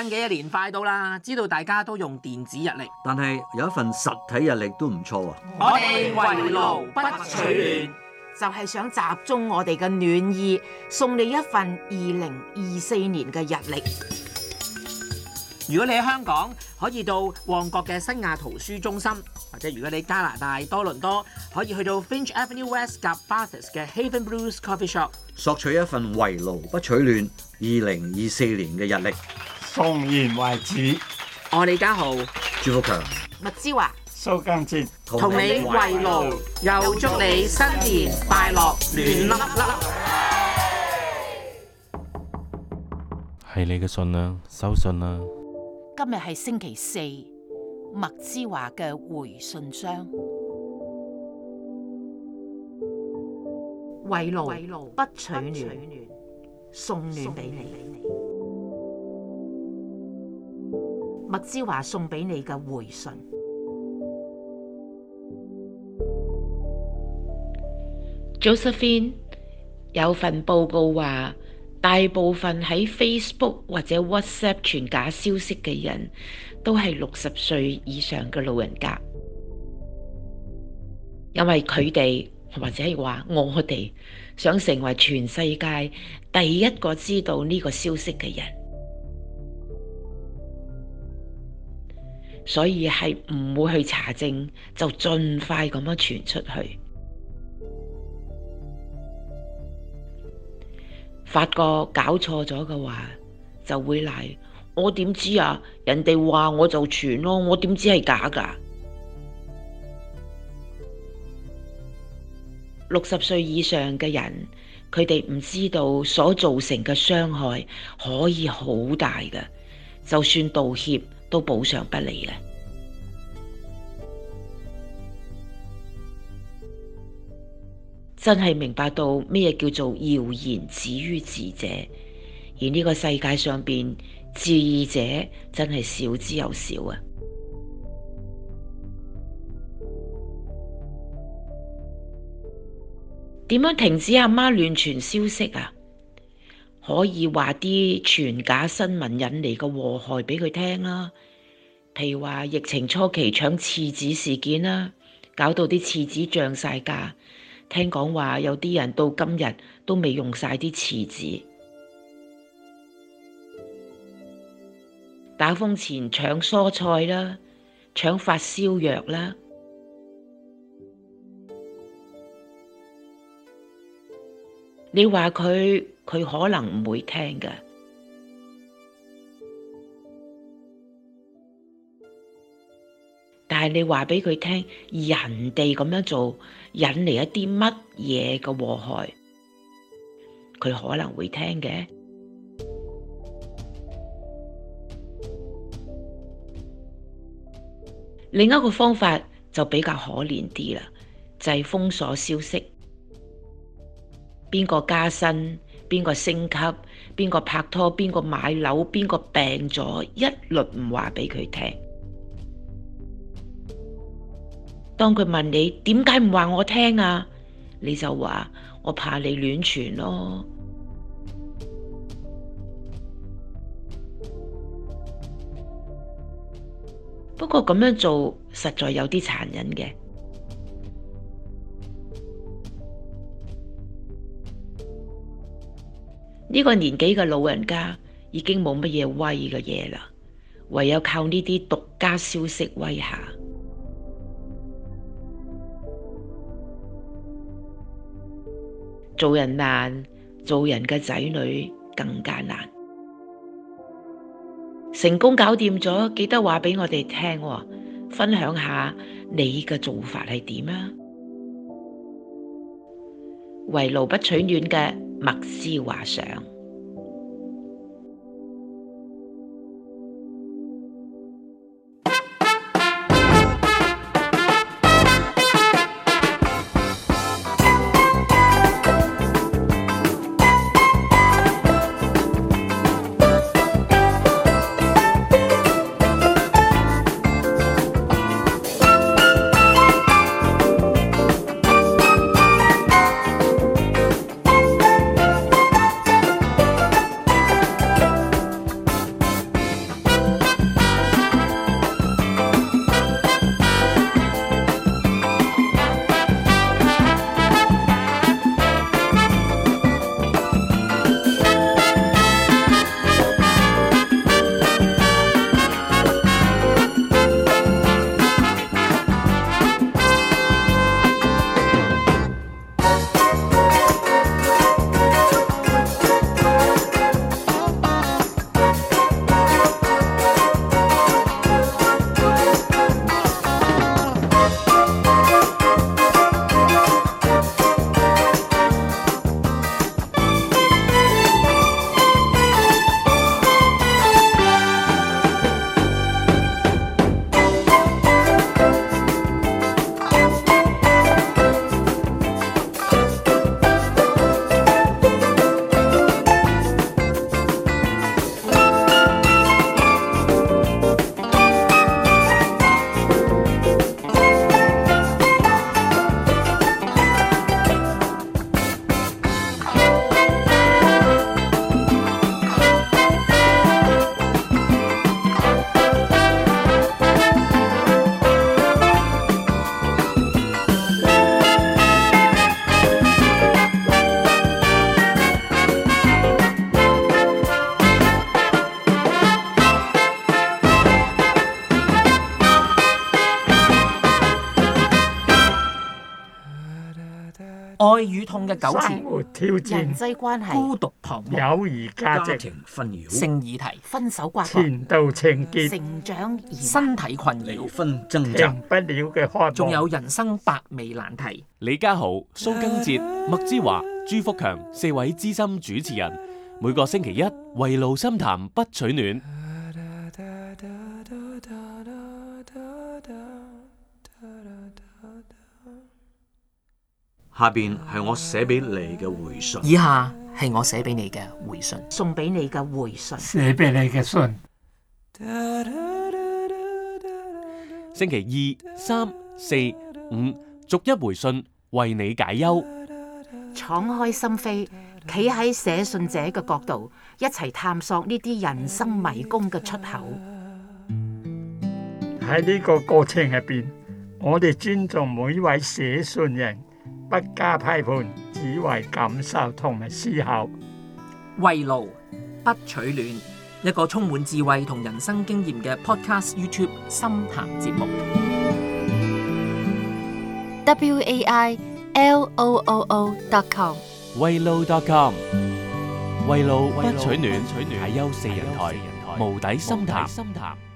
新嘅一年快到啦，知道大家都用電子日曆，但係有一份實體日曆都唔錯啊！我哋為勞不取暖，就係想集中我哋嘅暖意，送你一份二零二四年嘅日曆。如果你喺香港，可以到旺角嘅新亞圖書中心，或者如果你加拿大多倫多，可以去到 Finch Avenue West 加 Bathurst 嘅 Haven Blues Coffee Shop，索取一份為勞不取暖二零二四年嘅日曆。同言為止，我李家豪，朱福強，麥之華，蘇更節，同你慰勞，又祝你新年快樂，暖粒粒。係你嘅信啊，收信啊。今日係星期四，麥之華嘅回信箱，慰勞，慰勞，不取暖，取暖，送暖俾你。麥之華送俾你嘅回信。Josephine，有份報告話，大部分喺 Facebook 或者 WhatsApp 傳假消息嘅人都係六十歲以上嘅老人家，因為佢哋，或者係話我哋，想成為全世界第一個知道呢個消息嘅人。所以係唔會去查證，就盡快咁樣傳出去。發覺搞錯咗嘅話，就會賴我。我點知啊？人哋話我就傳咯，我點知係假噶？六十歲以上嘅人，佢哋唔知道所造成嘅傷害可以好大噶。就算道歉。都補償不嚟嘅，真係明白到咩叫做謠言止於智者，而呢個世界上邊智者真係少之又少啊！點樣停止阿媽亂傳消息啊？可以話啲全假新聞引嚟個禍害俾佢聽啦，譬如話疫情初期搶廁紙事件啦，搞到啲廁紙漲晒價，聽講話有啲人到今日都未用晒啲廁紙。打風前搶蔬菜啦，搶發燒藥啦，你話佢？佢可能唔會聽嘅，但係你話俾佢聽，人哋咁樣做引嚟一啲乜嘢嘅禍害，佢可能會聽嘅。另一個方法就比較可憐啲啦，就係封鎖消息，邊個加薪，邊個升級，邊個拍拖，邊個買樓，邊個病咗，一律唔話俾佢聽。當佢問你點解唔話我聽啊，你就話我怕你亂傳咯。不過咁樣做實在有啲殘忍嘅。呢個年紀嘅老人家已經冇乜嘢威嘅嘢啦，唯有靠呢啲獨家消息威下。做人難，做人嘅仔女更加難。成功搞掂咗，記得話俾我哋聽，哦，分享下你嘅做法係點啊！圍爐不取暖嘅。麥之華想。愛與痛嘅糾纏，人際關係，孤獨彷徨，友誼、家庭困擾，成疑題，分手關，前途情結，成長而，身體困擾，離婚掙扎，停不了嘅開端，仲有人生百味難題。李嘉豪、蘇根哲、麥之華、朱福強四位資深主持人，每個星期一圍爐深談，不取暖。下邊係我寫俾你嘅回信。以下係我寫俾你嘅回信，送俾你嘅回信，寫俾你嘅信。星期二、三、四、五，逐一回信，為你解憂。敞開心扉，企喺寫信者嘅角度，一齊探索呢啲人生迷宮嘅出口。喺呢個過程入邊，我哋尊重每一位寫信人。不加批判，只為感受同埋思考。慰勞不取暖，一個充滿智慧同人生經驗嘅 Podcast YouTube 深談節目。w a i l o o o dot com。慰勞 dot com。慰勞不取暖，大優四人台無底深談。